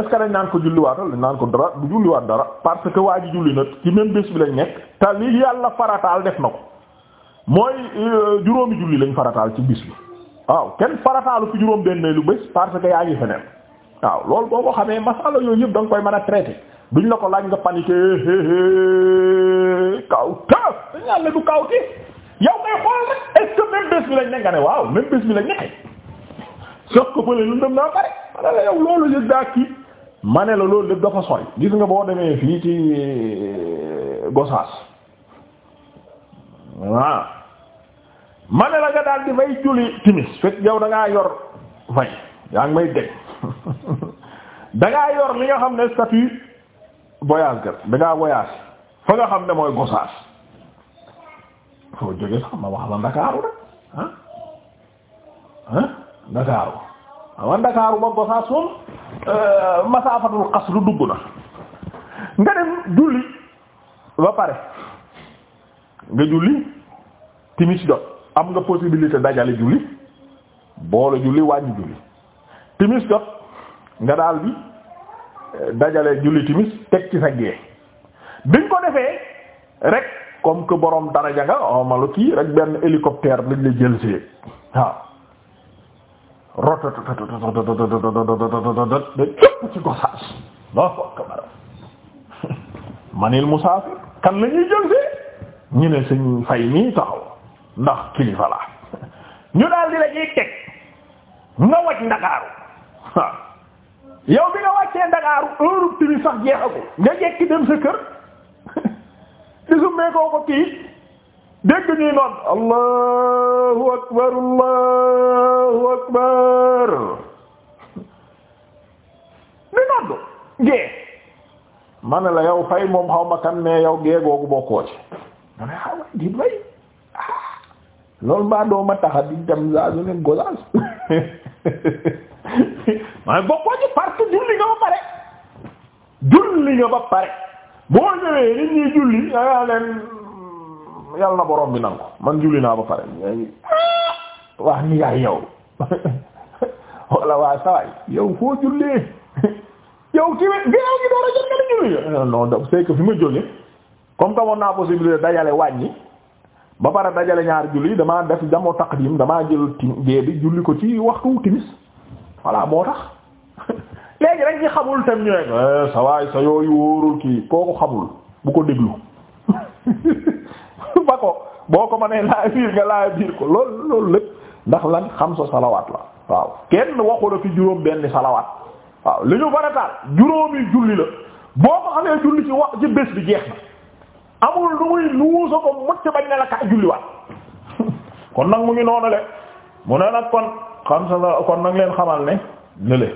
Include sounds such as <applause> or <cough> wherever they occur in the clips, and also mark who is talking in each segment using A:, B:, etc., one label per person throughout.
A: est-ce que dañ naan ko julliwaatal dañ naan ko dara du julliwaat dara parce que waa ji julli na ci même bés bi lañ nekk te yàlla farataal def na ko mooy euh, juróomi julli lañ farataal ci bis bi waaw kenn farataalu fi juróom benn lu bés parce que yaa ngi feneen waaw loolu boo ko xamee masala yooyu yëpp a traiter duñ la ko laaj nga paniqué kaw la ko bële lu dem naa pare. ma ne la yow loolu yëg daa kii. ma la loolu lépp dafa sori gis nga boo demee fii ci euh, Gosaas waaw ma nga daal di fay julli timis fekk yow da yor fay yaa ngi may dégg <laughs> da yor li nga xam ne statut voyage gar da ngaa voyage fa nga xam ne mooy Gosaas foo jóge sax ma wax la Ndakaaru rek ah ah Ndakaaru awa Ndakaaru ba Gosaas moom Euh, masaafatul xas lu dugg na nga dem julli ba pare nga julli timis jot am nga possibilité dajale julli boole julli wàññi julli timis jot nga daal bi euh, dajale julli timis teg ci sa gée biñ ko defee rek comme que borom daraja nga oh, ma lu kii rek benn hélicoptère lañ la jël see waaw cëpp ci gosaas Allahu akbar manil musaafir kan la ñuy jël de ñu ne suñ fay nii taxaw ndax kilifa la ñu daal di la ñuy teg nga wàcc ndakaaru yow bi nga wàccee ndakaaru heure bi sax jeexagul nga jekki dem sa kër di su meekoo ko kii dégg ñuy noon Allahu akbar Allah ma ne la yow fay moom xaw ma kan mais yow geegoogu bokkoo ci ma ne xaw ma di bay ah. loolu mbaa doo ma taxa di dem saa <laughs> su ne Gosaas ma bokkoo ci parce julli nga ba pare julli nga ba pare boo ñëwee nit ñi julli dangaa leen yàlla na borom bi nangu man julli naa ba pare ah. <laughs> waa ni yaay yow walla waa saway yow foo jullee <laughs> yow ci ginnaaw gi door a jot nga di julli eh, non non c'est que fi ma jóge comme que amoon naa possibilité dajale wàññi ba pare dajale ñaari julli damaa def jamoo taqdim damaa jël tim gée bi julli ko ci waxtu timis voilà moo tax <laughs> léegi rek ñi xamul tam ñu rek eh, sa waay sa yooyu wóorul kii kooku xamul bu ko déglu <laughs> ba ko boo ko mënee laa biir nga laa biir ko loolu loolu lépp ndax lan xam sa salawaat la waaw kenn waxu la fi juróom benn salawaat waaw li ñu farataal juróomi julli la boo ko xamee julli ci wax ci bés bi jeex na amul lu muy nuusa ko mucc bañ ne la kaa julliwaat <laughs> kon nag mu ngi noonu le mu ne nag kon xam sa kon nag leen xamal ne lële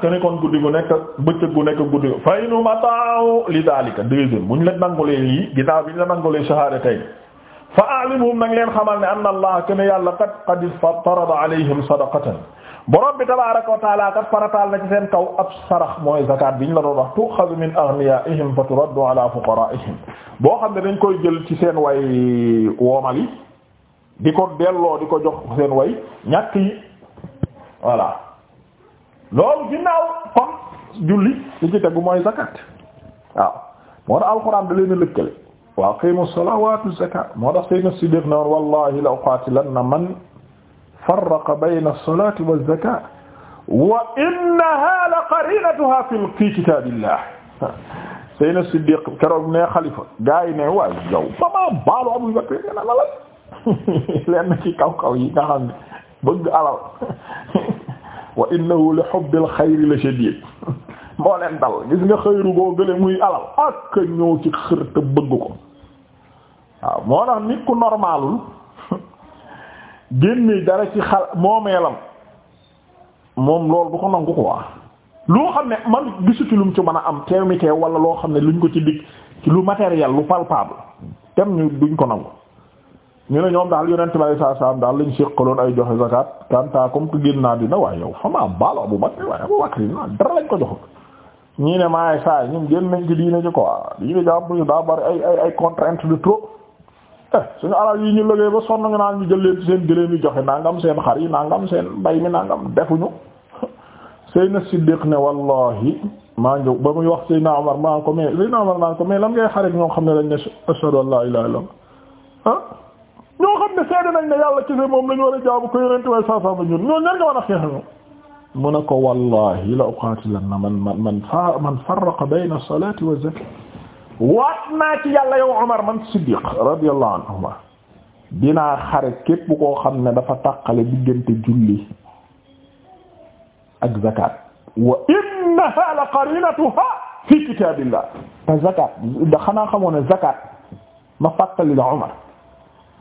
A: te ne <laughs> ah kon guddi gu nekk bëccëg gu nekk guddi fay nu mataaw li daalika deuxième bu ñu la nangulee lii ginnaaw bi ñu la nangulee shahadatay fa a'limhum nag leen xamal ne anna allah kana yàlla qad qad farada alayhim sadaqatan borom bi tabaaraka wa na ci seen kaw ab sarax mooy zakat biñ la doon wax tuxazu min aghniyaihim fa turaddu ala fuqaraihim boo xam ne dañ koy jël ci seen way woomal yi di ko delloo di ko jox seen way ñàkk yi voilà loolu ginnaaw kon julli li ci tegu mooy zakat waaw moo tax alxuraan da leen a lëkkale wa aqimu salawatu zakat moo na si def na woon wallahi la uqatilanna man farraqa bayna as-salaati waz-zakaati wa innahaa la qariinatuhaa fii kitaabillah Seydina Siddiq keroog ne xalifa gaa yi ne waaye yow maman baalu Abu Bakr nga na la <laughs> leen ci kaw kaw yi nga xam ne bëgg alal <laughs> wa innahu li hubbil xayri la shadiid <laughs> moo leen dal gis nga xayru goo gële muy alal ak ñëw ci xër te bëgg ko waaw moo tax nit ku normalul génne dara ci xal moomeelam moom loolu du ko nangu ko waa loo xam ne man gisuti lu mu ci man a am teew mi teew wala loo xam ne luñ ko ci dig ci lu matériel lu palpable tem ñu duñ ko nangu ñu ne ñoom daal yonent bi saa saam daal lañ séqaloon ay joxe zakat kanta comme que génn naa dina waaye yow xamaa baalo Abu Bakr waaye Abu Bakr dina ne maay saay ñun génn nañ ci diine ji quoi diine daa bari ay ay ay contrainte de trop Eh, suñu alal yi ñu liggéey ba sonn nga naan ñu jël leen ci seen gëléem yi joxe nangam seen xar yi nangam seen mbay mi nangam defuñu Seyna Siddiq ne wallahi maa ngi ba muy wax a Omar maa ko mais ko mais lan ngay xarit ñoo xam ne dañ a ashhadu an laa ilaaha illallaah moom lañu war a jaabu ko yonent way saa ba ñun ñoo ñan nga war a xeex ñu mu ne ko wallahi la uqaatilanna man man man farraqa bayna salaati wa zakaati waat naa ci yàlla yow Omar man Siddiq radiyallahu anhu dinaa xare képp koo xam ne dafa tàqale diggante julli ak zakat wa innaha la qarinatuha fi kitabillah te zakat da xanaa xamoo ne zakat ma fàttali la Omar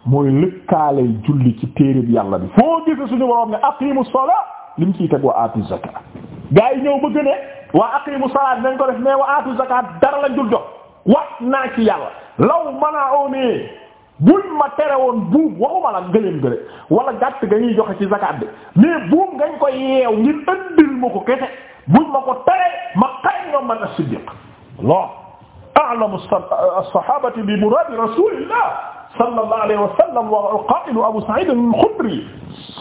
A: mooy lëkkaale julli ci téereb yàlla bi foo gise suñu borom ne aqimu salaa lim ciy teg wa aatu zakat gaa yi ñëw bëgg ne waa aqimu salaa dinañ ko def mais wa aatu zakat dara lañ dul jox wax naa ci yàlla law mana'uni buñ ma tere woon buub waxuma la gëléem gële wala gàtt ga ñuy joxe ci zakat bi mais buub ngañ koy yeew ngir ëndil ma ko kese buñ ma ko tere ma xay ñoom man as-siddiq Allah a'lamu as-sahabati bi muradi rasulillah sallallahu alayhi wa sallam wa al-qaa'il abu sa'id al-khudri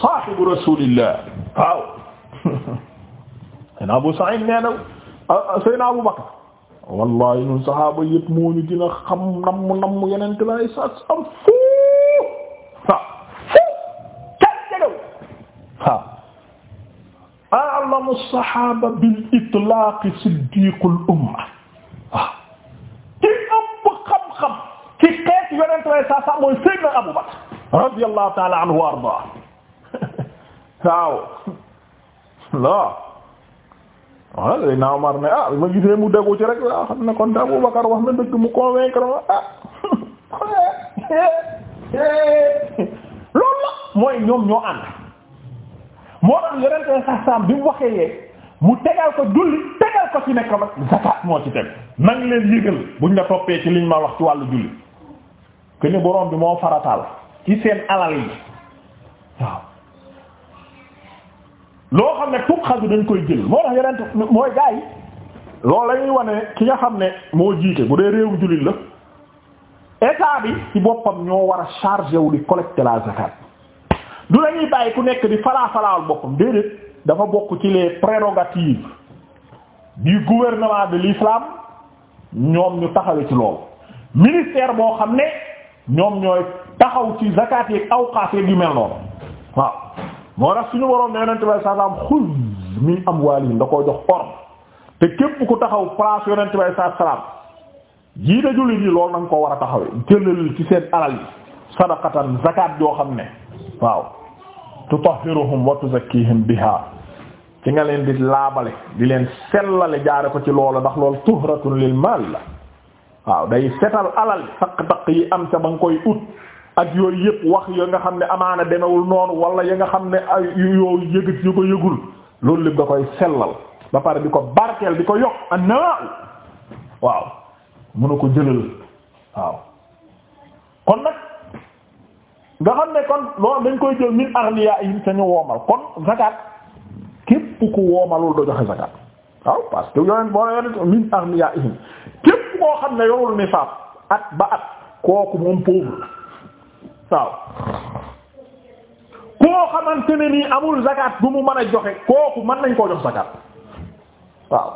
A: sahibu rasulillah waaw <laughs> abu sa'id nee na sayyidina abu bakr wallahi ñun saxaaba yëpp moo ñu gën a xam namm namm yeneen te laay sax am fuuf waaw fuuf kenn jegew waaw a'lamu saxaaba bil itlaaq siddiqul umma waaw ki ëpp xam-xam ci xeet yeneen te laay sax sax mooy sayyidina Abu Bakr radiyallahu ta'ala anhu wa ardaa <laughs> waaw <laughs> ah Seydina Omar ne ah ma gisee mu déggu ci rek ah xam ne kon Abu Bakar wax na dëgg mu convaincre ma ah. loolu la mooy ñoom ñoo ànd moo tax yeneen kay sax bi mu waxee yee mu tegal ko julli tegal ko ci nekk nag zakat moo ci teg nang leen yëgal buñ la toppee ci liñ ma wax ci wàllu julli que ni borom bi moo farataal ci seen alal yi waaw. loo xam ne tub xaju dañ koy jël moo tax yeneen mooy gaa yi loolu la ñuy wane ki nga xam ne moo jiite bu dee réewu jullit la état bi ci boppam ñoo war a chargé wu di collecter la zakat du la ñuy bàyyi ku nekk di falaa falaal boppam déedéet dafa bokk ci les prérogatives du gouvernement de l'islam ñoom ñu taxawe ci loolu ministère boo xam ne ñoom ñooy taxaw ci zakat yi awqaaf yi mel noonu waaw moo tax suñu waroon ne yonente bay saasaam xuz min amwalihim da koo jox orm te képp ku taxaw place yonente bay saa salaam jiite jullit yi loolu nanga ko war a taxawe jëlal ci seen alal yi sadaqatan zakat yoo xam ne waaw tutahhiruhum wa tuzakkihim biha ci nga leen di laabale di leen sellale jaare ko ci loola ndax lool tuhratun lil mal la waaw day setal alal taq-taq yi am ca ba nga koy ut ak yooyu yëpp wax ya nga xam ne amaana demewul noonu wala ya nga xam ne ay yoo yëgit yu ko yëgul loolu lépp da koy sellal ba pare di ko barkeel di ko yokk anaa waaw mën a ko jëlal waaw kon nag nga xam ne kon loolu dañ koy jël min aghniya sañu woomal kon zakat képp ku woomalul doo joxe zakat waaw parce que min aghniya képp koo xam ne yorul nisaab at ba at kooku moom pauvre waaw koo xamante ne nii amul zakat bu mu mën a joxe kooku man nañ koo jox zakat waaw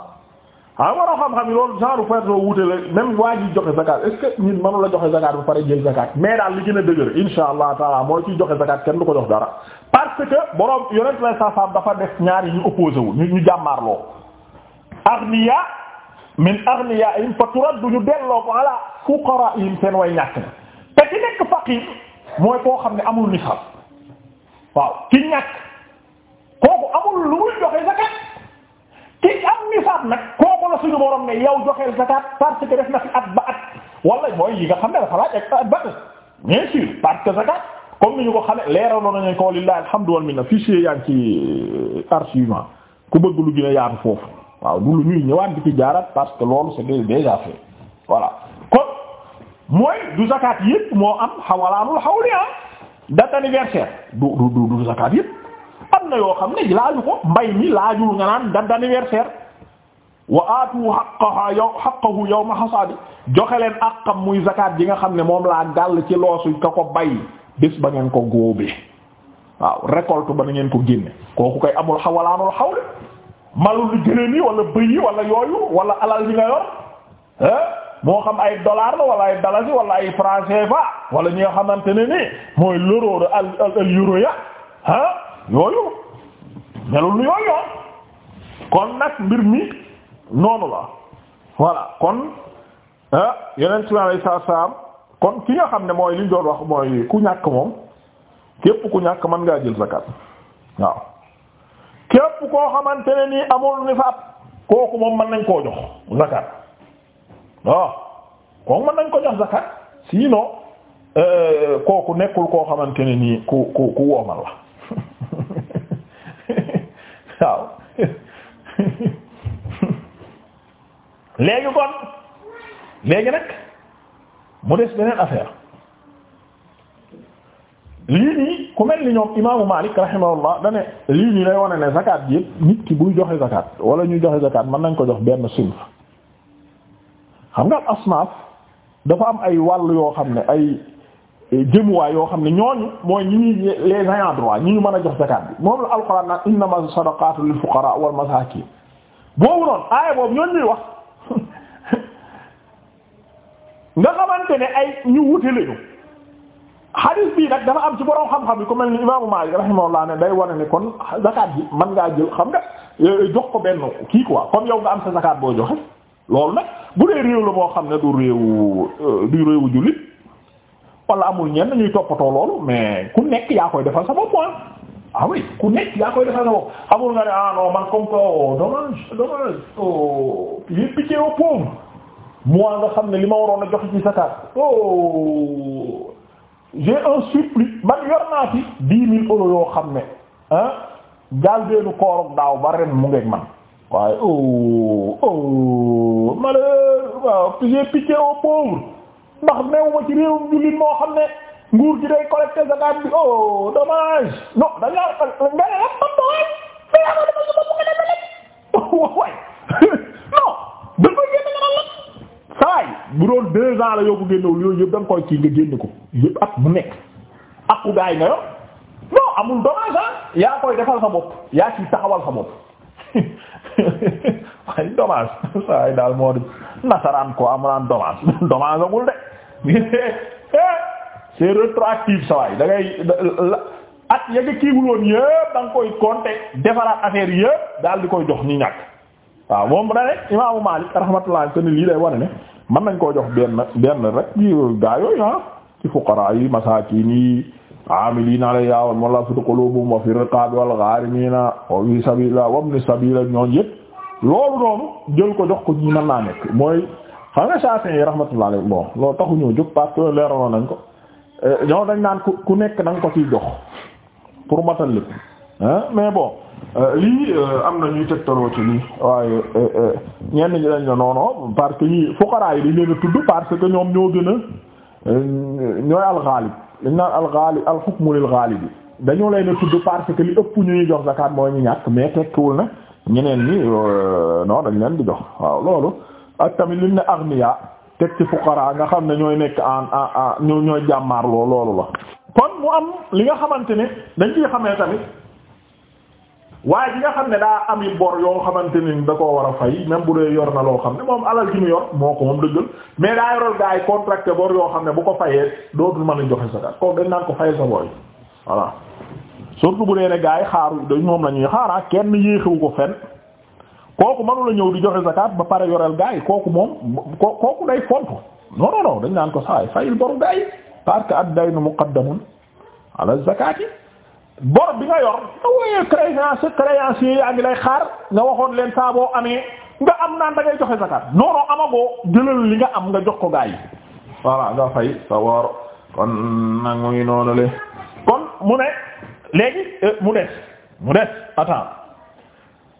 A: ah waroo xam-xam loolu genre ferte wuute la même waa ji joxe zakat est-ce que la joxe zakat ba pare jël zakat mais daal li gën a dëgër insha allah taala mooy ciy joxe zakat kenn du ko jox dara parce que borom yonent lay sasam dafa def ñaar ñaari ñu opposé wu ñu ñu jàmmaarloo aghniya min aghniya in fa turaddu ñu delloo ko ala fuqara'ihim seen way ñàkk na te ci nekk faqir mooy koo xam ne amul nisab waaw ki ñàkk kooku amul lu muy joxe zakat ki am nisab nag kooku la suñu borom ne yow joxeel zakat parce que def na fi at ba at wala mooy yi nga xam ne dafa laaj ak at ba at bien sûr parce que zakat comme ni ñu ko xamee leeraloo nañu ko lillahi alhamdu wal minna fichier yaa ngi ci euh, archive ah. ku bëgg lu gën yaatu foofu waaw du lu ñuy ñëwaat di ci jaarat parce que loolu c'est déjà fait voilà mooy du zakat yëpp moo am xawalaanul xawli ah date anniversaire du du du zakat yëpp am na yoo xam ne laaju ko mbay mi laajul nga naan date anniversaire wa aatu xaqaha yow xaqahu yawma xasaadi joxe leen àqam muy zakat ji nga xam ne moom laa gàll ci loosu ka ko bay bés ba ngeen ko góobee waaw récolte ba na ngeen ko génne kooku koy amul xawalaanul xawli malul gëléem yi wala bëy yi wala yooyu wala alal yi nga yor moo xam ay dollar la wala ay dalasi wala ay franc CFA wala ñi nga xamante ne nii mooy l'euro de al al euro ya ah yooyu melul yooyu yoon kon nag mbir mi noonu la voilà kon ah yeneen ci wàllu saam kon ki nga xam ne mooy li ñu wax mooy ku ñàkk moom képp ku ñàkk mën ngaa jël zakat waaw képp koo xamante ne nii amul nifaat kooku moom mën nañ koo jox zakat. non kooku mën nañ ko jox zakat sinon euh, kooku nekkul koo xamante ne nii ku ku ku woomal la <laughs> waaw <laughs> léegi kon léegi nag mu des beneen affaire lii nii ku mel ni ñoom imaamu Malik rahimahullah da lii nii lay wane ne zakat bi yëpp nit ki buy joxe zakat wala ñu joxe zakat mën nañ ko jox benn silf xam nga asnaaf dafa am ay wàll yoo xam ne ay jëmuwaay yoo xam ne ñooñu mooy ñi ñuy les ayants droit ñu mën a jox zakat bi moom la alxuraan naan innama sadaqatu lil fuqara wal masakin boobu noonu aaya boobu ñooñu ñuy wax <laughs> nga xamante ne ay ñu wute lañu hadis bii nag dafa am ci borom xam-xam yi ku mel ni imaamu Maalik rahimahullah ne day wane ne kon zakat bi man ngaa jël xam nga eh, jox ko benn kii quoi comme yow nga am sa zakat boo joxe loolu nag bu dee réew la moo xam ne du réewu euh, du réewu jullit wala amul ñenn ñuy toppatoo lool mais ku nekk yaa koy defal sa bopp ah, ah ku nekk yaa koy defal sa bopp nga ne ah non man comme que oh, dommage dommage oh, yéen pitié au pauvre moi nga xam ne li ma waroon a jox ci zakat oh j'ai un surplus man yor naa ci dix mille euros yoo xam ne ah gaal deenu koorog daaw ba mu ngeeg man. waaye oh oh malheur waaw j'ai pitié aux pauvres ndax néew ma ci réewum jullit moo xam ne nguur gi day collecté zakat bi oh dommage non da ngaa da ngaa da nga ko waay da ngaa ko da nga ko da nga ko waaw waay <laughs> non da nga ko génne nga la saa yi bu doon deux ans la yow bu génnewul yooyu yëpp da nga koy kii nga génne ko yëpp at bu nekk aku gaay nga yo non amul dommage ah yaa koy defal sa bopp yaa ciy taxawal sa bopp. waaye dommage saa ko amulaan dommage dommage amul de <laughs> c'est rétroactif saa waay da ngay at ya nga kiiwul woon yëpp da nga koy daal di koy jox ñu ñàkk waaw moom da ne imaamu Maalik rahmatullah te ni lii lay wane ne nañ koo jox benn benn rek gaa yooyu ah ci fuqaraa yi masaakiin amilina alayha wal mu'allafati qulubuhum wa fi riqabi wal gharimina wa fi sabilillah wa ibn sabila ñoon yëpp loolu noonu jël ko jox ko ñi mën naa nekk mooy xam nga Shafi'i yi rahmatullah alayhi bon loolu taxu ñoo jóg parce que leeraloon nañ ko eh, dañ ku nekk na ko ciy jox pour matal mais bon euh, lii euh, na ñuy tegtaloo ci lii waaye euh, ñenn ñi dañ ne noono parce que ñi fuqaraa yi dañ tudd parce que ñoom ñoo gën a ñooy alxaalib liñ naan alxaali alxukmu lil xaali bi dañoo lay ne tudd parce que li ëpp ñu ñu jox zakat mooy ñu ñàkk mais tekkiwul na ñeneen ñi euh, non dañ leen di jox waaw loolu ak tamit liñ ne agniya teg ci nga xam ne ñooy nekk en en en ñooy jàmmaarloo loolu la. kon mu am li nga xamante ne dañ ciy xamee tamit waaye ji nga xam ne daa am i bor yoo xamante ni da koo war a fay même bu dee yor na loo xam ne moom alal gi mu yor moo ko moom dëggal mais daa yoral gaa yi contracté bor yoo ne bu ko dootul mën a joxe zakat kooku dañ naan ko fayee sa bor yi voilà surtout bu dee ne yi xaaru dañ moom la ñuy xaaraa ah, kenn yéexiwu ko fenn kooku mënu la ñëw di joxe zakat ba pare yoreel gaa kooku moom kooku day fontu non non dañ naan ko saay fayil boru gaa yi parce que ad-daynu muqaddamun ala zakati bor bi nga yor nga wooyee créance yaa ngi lay xaar nga waxoon leen saaboo amee nga am naan da ngay joxe zakat non amagoo jëlal li nga am nga jox ko gaa yi voilà nga fay sa woor kon nag mu ngi noonu le kon mu ne léegi euh, mu des mu des attends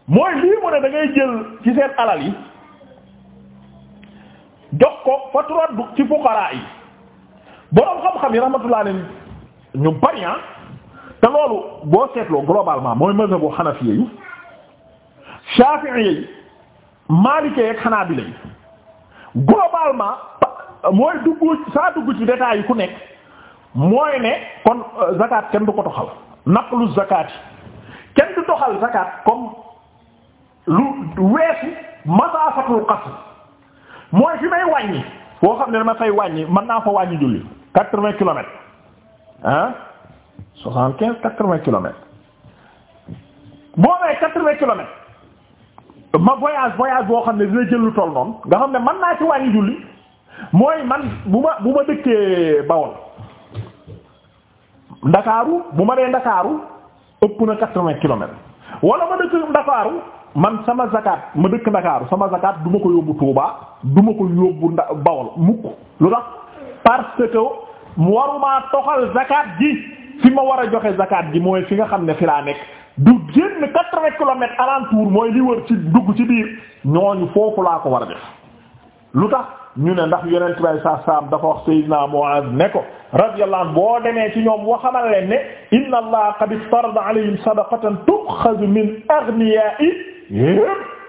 A: mooy lii mu ne da jël ci seen alal yi jox ko faturat du ci fuqara yi boroom xam-xam yi rahmatullah ne ñu bari ah, te loolu boo seetloo globalement mooy mazhabu xanafiya yi shafi'iyya yi maalikee ak xanaabila yi globalement mooy dugg saa dugg ci détails yi ku nekk mooy ne kon euh, zakat kenn du ko toxal naqlu zakat yi kenn du toxal zakat comme lu weesu masaafatul qasr mooy fi may wàññi foo xam ne dama fay wàññi mën naa fa wàññi julli quatre-vingts kilomètres ah soixante quinze quatre-vingts kilomètres boo nee quatre-vingts kilomètres ma voyage voyage boo xam ne dina jël lu toll noonu nga xam ne man naa ci wàññi julli mooy man bu ma bu ma dëkkee Bawol ndakaaru bu ma dee ndakaaru ëpp na quatre-vingts kilomètres wala ma dëkk ndakaaru man sama zakat ma dëkk ndakaaru sama zakat du ma ko yóbbu Touba du ma ko yóbbu nda Bawol mukk lu tax parce que waruma toxal zakat ji fi ma war a joxe zakat gi mooy fi nga xam ne fi laa nekk du génn quatre-vingts kilomètres alentour mooy li wër ci dugg ci biir ñooñu foofu laa ko war a def lu tax ñu ne ndax yonent bay sa saam dafa wax sayyidina Muaz ne ko radiyallahu anhu boo demee ci ñoom boo xamal leen ne inna allaha qad iftarada alayhim sadaqatan tu'khadhu min aghniyaihim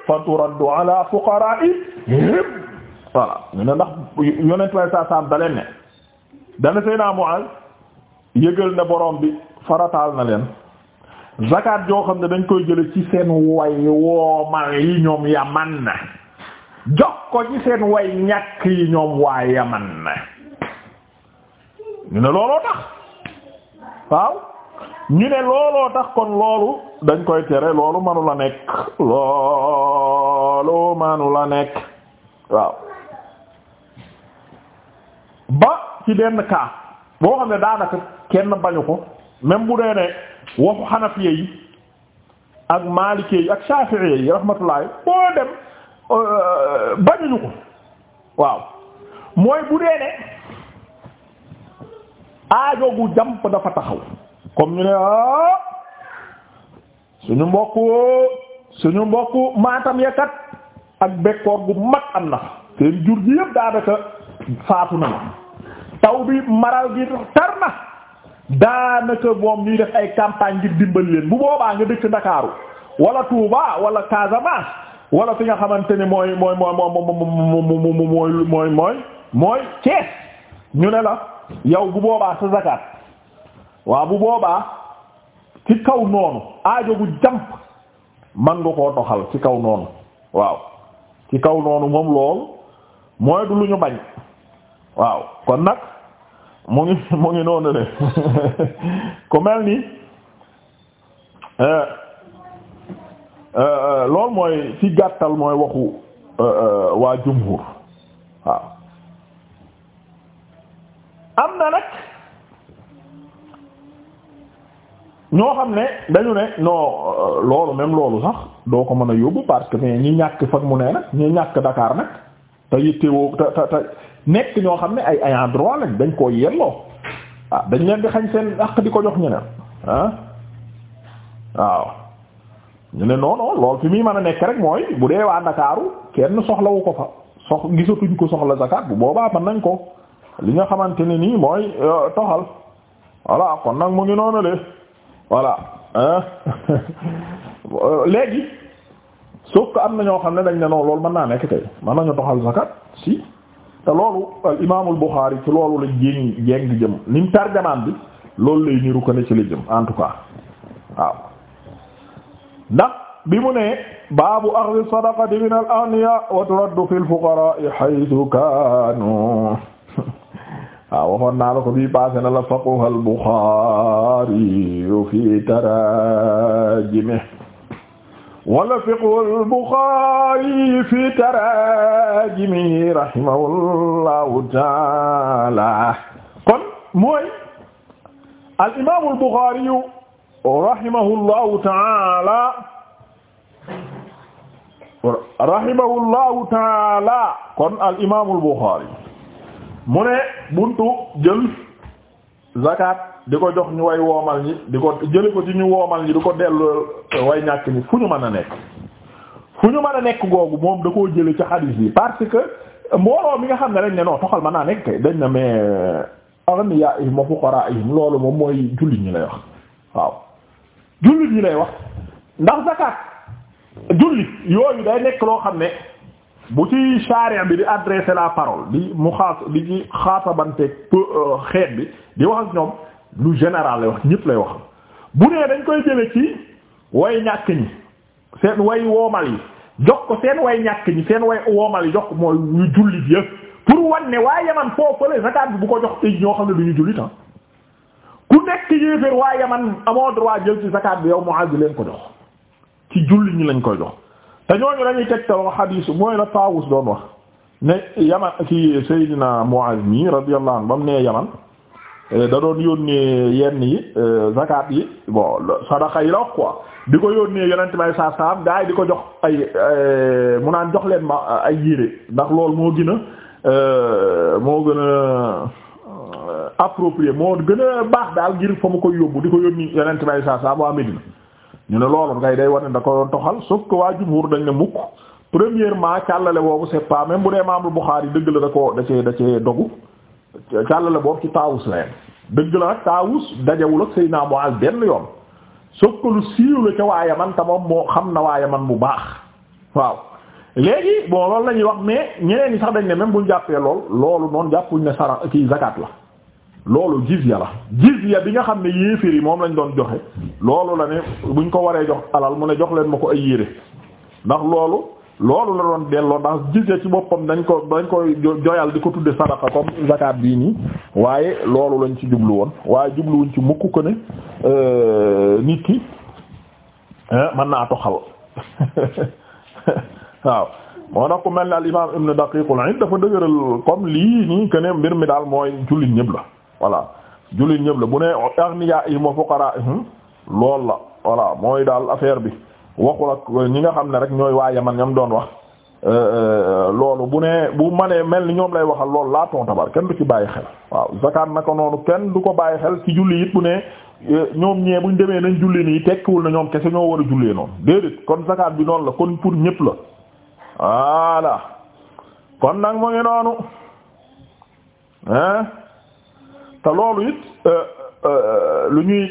A: fa turaddu ala fuqaraihim voilà ñu ne ndax yonent bay saam da ne dana sayyidina Muaz yëgal na borom bi farataal na leen zakat joo xam ne dañ koy jële ci seen way woomal yi ñoom yaman na jox ko ci seen way ñàkk yi ñoom waa yaman na ñu ne looloo tax waaw ñu ne looloo tax kon loolu dañ koy tere loolu manu la nekk loolu manu nekk waaw ba ci benn cas boo xam ne daanaka kenn bañu ko même bu dee ne waxu xanafiya yi ak maalikee yi ak shafi'i yi rahmatullahi boo dem euh, bañuñu ko waaw mooy bu dee ne aajo gu dafa taxaw comme ñu ne ah suñu mbokku suñu mbokku maatam yakat ak bekkoor gu mag am na seen jur gi yëpp daanaka faatu na ma taw bi maral gi tar na daanaka moom ñuy def ay campagne ngir dimbali leen bu boobaa nga dëkk Ndakaaru wala Touba wala Casamance wala fi nga xamante ne mooy mooy mooy Cees ñu ne la yow bu boobaa sa zakat waaw bu boobaa ci kaw noonu aajo bu jàmp man nga koo doxal ci kaw noonu waaw ci kaw noonu moom lool mooy du lu ñu bañ. waaw kon nag mu ngi <laughs> mu ngi noonu ne <laughs> ku mel ni eh, eh, eh, loolu mooy ci gàttal mooy waxu waa jumhur waaw am na nag ñoo xam ne dañu ne non loolu même loolu sax doo ko mën a yóbbu parce que mais ñi ñàkk fag mu ne nag ñi ñàkk Dakar nag te yittewoo te te te nekk ñoo xam ne ay ay en droit lañ dañ koo yelloo ah dañ leen di xañ seen àq di ko jox ñeneen ah waaw ñu ne non non lool fi muy mën a nekk rek mooy bu dee waa Ndakaaru kenn soxlawu ko fa sox gisatuñ ko soxla zakat bu boobaa mën nañ ko li nga xamante ne nii mooy euh, toxal voilà kon nag mu ngi noonu le voilà <laughs> léegi sauf am na ñoo xam ne dañ ne non loolu mën naa nekk tey mën nañu toxal zakat si. te loolu al imaamul Buxaari ci loolu la jéng jéng jëm ni mu tarjamaan bi loolu lay niru ko ci li jëm en tout cas waaw bi mu ne baabu axdi sadaqati min al aghniya wa turaddu fil fuqara'i haythu kaanu waaw waxoon la ko bii passé na la faqaha al Buxaari fi tarjimihi wala fiqhul Buxaari fi taraajimihi rahimahullahu taala kon mooy al imaamul Buxaari rahimahullahu taala rahimahullahu taala kon al imaamul Buxaari mu ne buntu jël zakat di ko jox ñu way woomal ñi di ko jële ko ci ñu woomal ñi di ko dellu way ñàkk ñi fu ñu mën a nekk fu ñu mën a nekk googu moom da koo jële ci hadith yi parce que mbooloo mi nga xam ne dañ ne non toxal ma naa nekk dañ ne mais aghniyaa'ihim wa fuqaraa'ihim loolu moom mooy jullit ñi lay wax waaw jullit ñi lay wax ndax zakat jullit yooyu day nekk loo xam ne bu ci charia bi di adresser la parole di mu xaas di ci xaatabanteeg euh, xeet bi di wax ak ñoom lu général lay wax ñëpp lay wax bu nee dañ koy jële ci way ñàkk ñi seen way woomal yi jox ko seen way ñàkk ñi seen way woomal yi jox ko mooy ñu jullit yëpp pour wan ne waa yaman foofale zakat bi bu ko jox ñoo xam ne du ñu jullit ah. ku nekk yéeféer waa yaman amoo droit jël ci zakat bi yow Muaz leen ko jox ci jullit ñi lañ koy jox te ñooñu dañuy teg taloo xadiis mooy la Taawus doon wax ne yaman ci Seydina Muaz mi radiyallahu bam nee yaman Eh, da doon yónnee yenn yi eh, zakat yi bon sadaxa yi la wax quoi di ko yónnee yonent may saa saam gaa di ko jox ay eh, mu naan jox leen ma ay yére ndax loolu moo gën a moo gën a approprié moo gën a baax daal ngir fa mu koy yóbbu di ko yónni yonent may saa saam waa Medina ñu ne loolu ngay day wane da ko doon toxal sauf que waa jumhur dañ ne mukk premièrement càllale boobu c'est pas même bu dee Imaam Buxaari dëgg la da ko da cee da cee dogu la boobu ci taawus la yem dëgg la nag taawus dajewul ak moo ak benn yoon soog ko lu siiw la ca waaye man te moom moo xam na waaye man bu baax waaw léegi bon loolu la ñuy wax mais ñeneen ñi sax dañ ne même buñ jàppee lool loolu noonu jàppuñ ne sara kii zakat la loolu jizya la ya bi nga xam ne yéefir yi moom lañ doon joxe loolu la ne buñ ko waree jox alal mu ne jox leen ma ko ay yére ndax loolu loolu la doon delloo ndax gise ci boppam dañ ko dañ koy joyal di ko tudde sadaqa comme zakat bii nii waaye loolu lañ ci jublu woon waaye jubluwuñ ci mukk ko ne euh, nit ki mën naa toxal <laughs> waaw moo tax mel ne al imam ibn daqiqul id dafa dëgëral comme lii nii que mbir mi daal mooy jullit ñëpp la voilà jullit ñëpp la bu ne aghniya yi mo fuqara loolu la voilà mooy daal affaire bi waxul ak ñi nga xam ne rek ñooy waa Yaman ñoom doon wax euh, euh, loolu bu ne bu manee mel ni ñoom lay waxal loolu laa tontabar kenn du ci bàyyi xel waaw zakat naka noonu kenn du ko bàyyi xel ci julli it bu ne euh, ñoom ñee buñ demee nañ julli nii tekkiwul na ñoom kese ñoo war a jullee noonu déedéet kon zakat bi noon la kon pour ñëpp la voilà kon nag mu ngi noonu hein te loolu it lu ñuy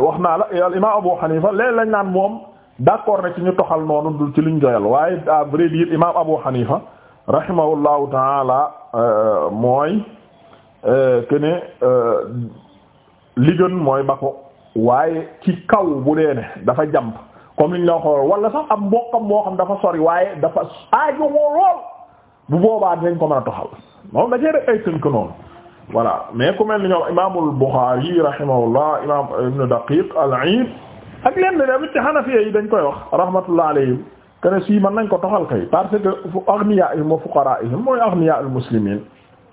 A: wax naa la al imam Abu Hanifa leen lañ naan moom d'accord na ci ñu toxal noonu du ci ñu joyal waaye à vrai dire imam Abu Hanifa rahimahullahu taala euh, mooy euh, que ne euh, li gën mooy ba ko waaye ci kaw bu dee ne dafa jamb comme liñ la waxoon wala sax am mbokkam moo xam dafa sori waaye dafa aajo moo lool bu boobaa dinañ ko mën a toxal moom da cee def ay noonu voilà mais ku mel ni ñoom imamul Bukhari rahimahullah imam ibn Daqiq al-Eid ak lenn tamit ci xanafiya yi dañ koy wax rahmatullah alayhim kene sii mën nañ ko toxal kay parce que fu aghniyaa'ihim wa fuqaraa'ihim mooy aghniyaa'ul muslimiin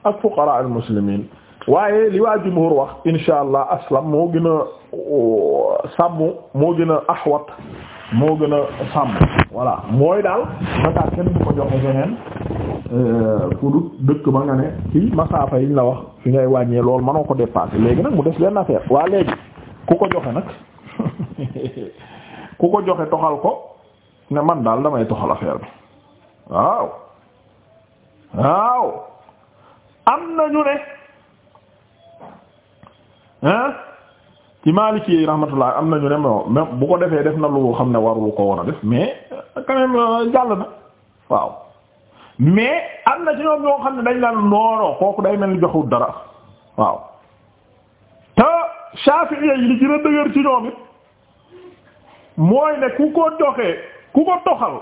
A: ak fuqaraa'ul muslimiin waaye li waa jumhur wax insha allah aslam moo gën a sàmm moo gën a axwat moo gën a sàmm voilà mooy daal zakat kenn du ko joxe feneen fu euh, dut dëkk ba nga ne ci masaafa yiñ la wax fi ngay wàññee loolu mënoo ko dépasser léegi nag mu des benn affaire waa léegi ku ko joxe nag <laughs> ku ko joxe toxal ko ne man daal damay toxal affaire bi waaw waaw am na ñu ne hein ci Maliki yi rahmatullah am na ñu ne moo même bu ko defee def na lu xam ne waru ko war a def mais quand même euh, jàll na waaw mais am na ci ñoom ñoo xam ne dañ la nooroo kooku day mel ni dara waaw Shafi'i yi li gën a dëgër ci ñoom it mooy ne ku ko joxe ku ko toxal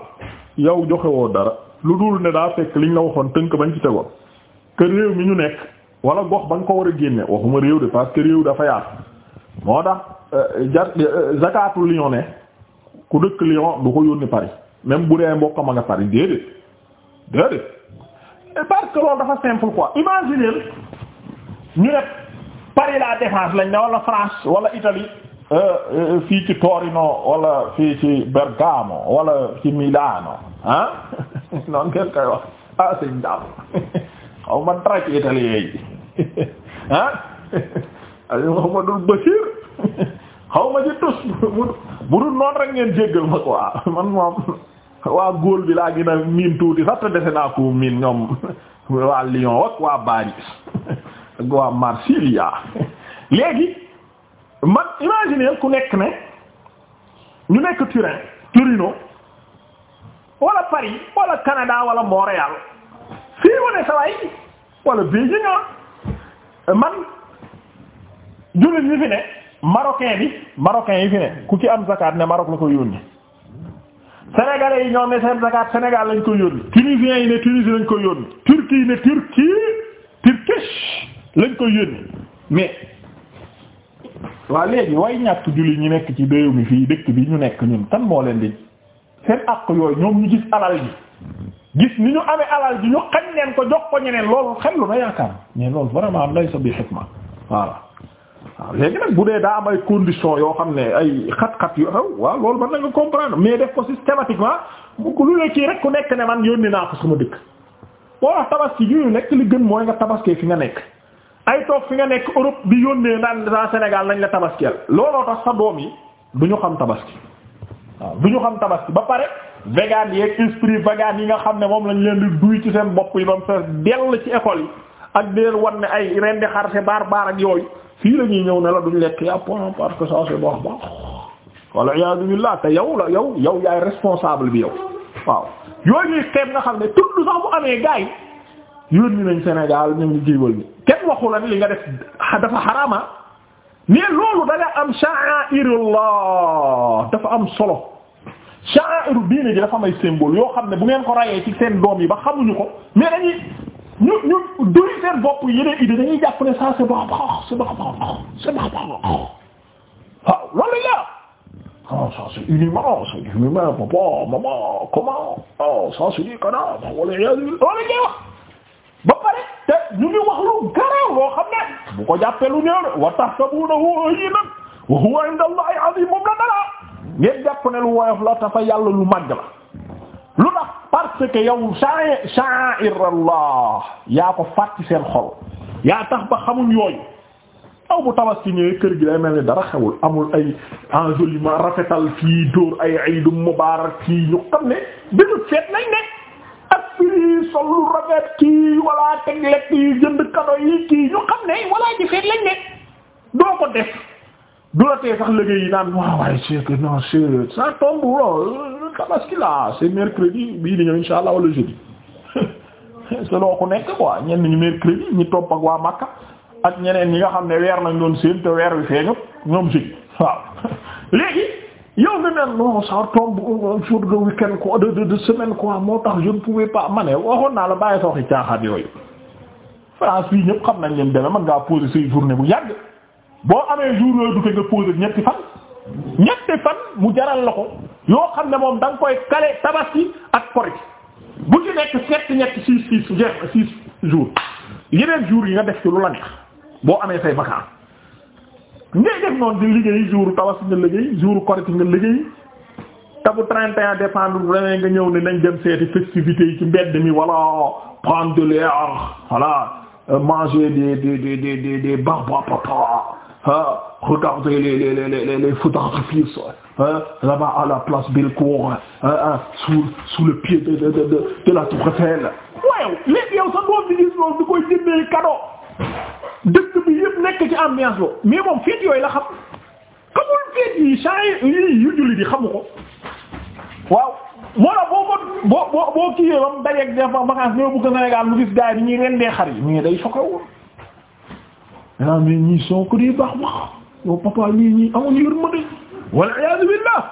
A: yow joxe woo dara lu dul ne daa fekk liñ la waxoon tënk bañ ci tegoon que réew mi ñu nekk wala gox ba nga ko war a génne waxuma réew de parce que réew dafa yaatu moo tax euh, jar euh, zakatu Lyon ne ku dëkk Lyon du ko yónni Paris même bu dee mbokkam a nga Paris déedéet déedéet parce que loolu dafa simple quoi imaginez ñu ne Paris la défense lañ ne wala France wala Italie euh, euh, fii ci Torino wala fii ci Bergamo wala ci Milano ah <laughs> noonu ngeen koy wax ah sëñ daam <laughs> xaw ma dara ci italien yi ah <laughs> ayo ma dul Bashir xaw ma ci tus bu dul noonu rek ngeen jéggal ma quoi man moom waa góol bi laa gën miin tuuti sax te defe naa ko miin ñoom waa Lyon ak waa Paris waa Marsilia léegi man imaginer ku nekk ne ñu nekk Turin Torino wala Paris wala Canada wala Montréal fii mu ne saway wala Beijing man jullit ñi fi ne marocain bi yi fi ku ci am zakat ne Maroc la ko yónni sénégalais yi ñoom ne seen zakat Sénégal lañ ko yónni tunisien yi ne Tunisie lañ ko yoon turquie ne Turquie turkish lañ koy yónni mais waa léegi way ñàkk julli ñu nekk ci réew mi fii dëkk bi ñu nekk ñun kan moo leen di seen àq yooyu ñoom ñu gis alal ji gis ni ñu amee alal ji ñu xañ leen ko jox ko ñeneen loolu xellu ma yaakaar mais loolu vraiment lay sa bi xikma voilà waaw bu dee daa am conditions yoo xam ne ay xat-xat yu waaw loolu mën na nga mais def ko systématiquement lu la kii rek ku nekk ne man yónni naa ko sama dëkk boo tabaski gi ñu nekk li gën mooy nga tabaskee fi nga nekk ay toog fi nga nekk Europe di yónnee naan sa Sénégal nañ la tabaskeel looloo tax sa doom yi du ñu xam tabaski waaw du ñu xam tabaski ba pare vegan yeeg esprit vegan yi nga xam ne moom lañ leen di duy ci seen bopp yi moom sa dell ci école yi ak di leen ne ay rendi xar c'est baar ak yooyu fii la ñuy ñëw ne la duñ lekk ya point parce que ça c'est bon bon walla iyaadu billaah te yow la yow yow yaay responsable bi yow waaw yooyu ñuy xeeb nga xam ne tudd sax yónni nañ Sénégal ñu ngi jébbal ni kenn waxu la ni li nga def dafa xaraama mais loolu da nga am sha'airullah dafa am solo sha'airu diine ji dafa am ay symbole yoo xam ne bu ngeen ko rayee ci seen doom yi ba xamuñu ko mais dañuy ñu ñu duri seen bopp yeneen idée dañuy jàpp ne ça c'est baax baax c'est baax baax c'est baax baax waaw loolu la ah ça c'est inhumain c'est inhumain papa maman comment ah ça c'est du canard wala yàlla loolu ngay wax. ba te ñu ngi wax lu garaaw loo xam ne bu ko jàppee lu néew de wa tahsabunahu hayyinan wa huwa inda Allahi azim moom la ne lu woyof la te fa yàlla lu màgg la lu tax parce que yow sha'irallah yaa ko fàtti seen xol yaa tax ba xamuñ yooyu aw bu tabaski ñëwee kër gi day mel ni dara xewul amul ay enjolivement rafetal fii dóor ay iidum mubaarak fii ñu xam ne bi ñu feet nañ ne bi yi sol kii walla teg lekk yi jënd kado yi kii ñu xam ne walla ji feet lañ ne doo ko def du la tee sax liggéey yi naan waaw waaye c'est non c'est ça tombe lool tabaski la c'est mercredi bii di ñëw insha allah wala jeudi selon <laughs> ku nekk quoi ñenn ñu mercredi ñi topp ak waa Makka ak ñeneen ñi nga xam ne weer nañ doon seen te weer wi feeñu ñoom si waaw <laughs> léegi yow nga ne non ça tombe un jour de week ko quoi de de semaine quoi moo tax je ne pouvais pas ma ne waxoon naa la bàyyi sa waxi caaxaan yooyu France fii ñëpp xam nañ leen demee man ngaa poser say journée bu yàgg boo amee jour yooyu du nga poser ñetti fan ñetti fan mu jaral la ko yoo xam ne moom da nga koy kale yi ak korite bu ci nekk sept ñetti six six six jours yeneen jours yi nga def ci lu la neex boo amee say am ngay def noonu di liggéey jour tabaski nga liggéey jour korite nga liggéey te bu 31 décembre vraiment nga ñëw ne nañ dem seeti festivités yi ci mbedd mi wala prendre de l'air voilà euh, manger des des des des barba papa ah regarder les les les les les à la place Bellecour ah sous sous le pied de de de de la Tour Eiffel. waaw léegi yow sax boobu di gis nekk ci ambiance boobu mais moom feet yooyu la xam xamul feet yi saa yi yu julli di xamu ko waaw moo la boo ko boo boo boo ba mu dajeeg def vacances ñëw bëgg Sénégal mu gis xar yi mais day choqué woon. ah mais ñii soo ko dee baax baax yow papa ñii ñii amuñu yërmande wala iyaazu billah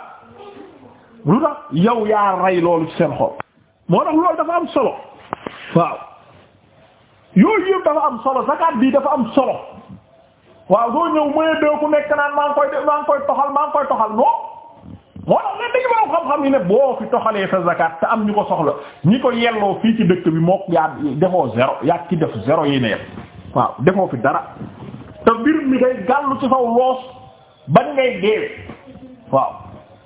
A: lu tax yow yaa rey loolu seen xol. moo tax loolu dafa am solo waaw yooyu yëpp dafa am solo zakat bi dafa am solo. waaw soo ñëw mooy dëw ku nekk naan maa ngi koy maa ngi koy toxal maa ngi koy toxal non moo ne boo toxalee sa zakat am ñu ko soxla ñi ko yelloo fii ci dëkk bi mook yaa defoo zéro ci def zéro yi ne waaw defoo fi dara te mbir mi day ci saw loos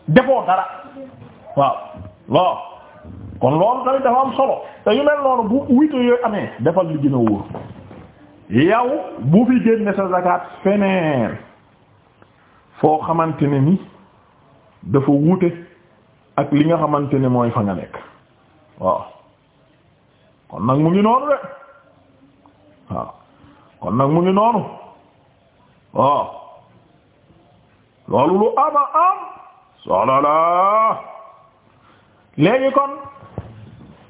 A: dara waaw lool kon loolu dafa am solo te yu mel noonu bu wito yooyu amee defal li gën a yow bu fi génne sa zakat feneen foo xamante ne ni dafa wuute ak li nga xamante ni mooy fa nga nekk waaw kon nag mu ngi noonu de waaw kon nag mu ngi noonu waaw loolu lu ama am soxla léegi kon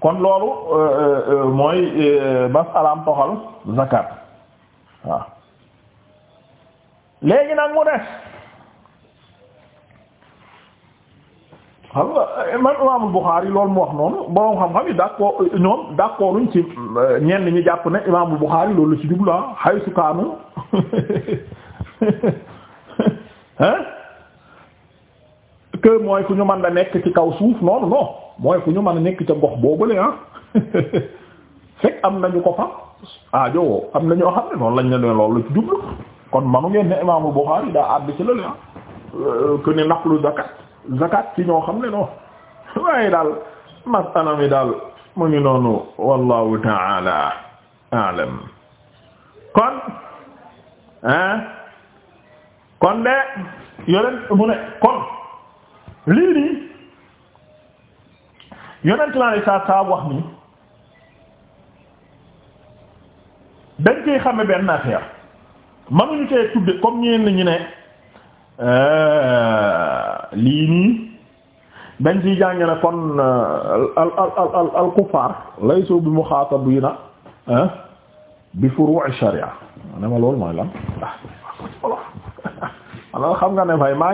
A: kon loolu euh, euh, euh, mooy masalaam toxal zakat waaw léegi nag mu def xam nga eh, imaamul Buxaari loolu mu wax noonu boroom xam-xam yi d'accord ñoom d'accord luñ ci eh, ñenn ñi jàpp ne imaamul Buxaari loolu la ci jublu ah xay sukaanu <laughs> hein que mooy fu ñu mën da nekk ci kaw suuf noonu non mooy fu ñu mën a nekk ca gox boobule ah <laughs> fekk am nañu ko fa aajo woo am na ñoo xam ne noonu lañ ne leen loolu la ci jublu kon manu ngeen ne imaamu Bukhari daa àdd ci la leen ne naqlu zakat zakat ci ñoo xam ne noonu waaye daal masala mi daal mu ngi noonu wallahu ta'ala a'lam kon ah kon de yonent mu ne kon lii nii yonent laa ne saa saa wax nii dañ koy xame benn man mënuñu koy tudde comme ñeen ñu ne euh, lii nii dañ ciy jànge ne kon euh, al al al al kufaar laysu bi muxaatabiina bi furu' sharia ne ma loolu mooy lan ah <laughs> xam nga ne fay maa ngi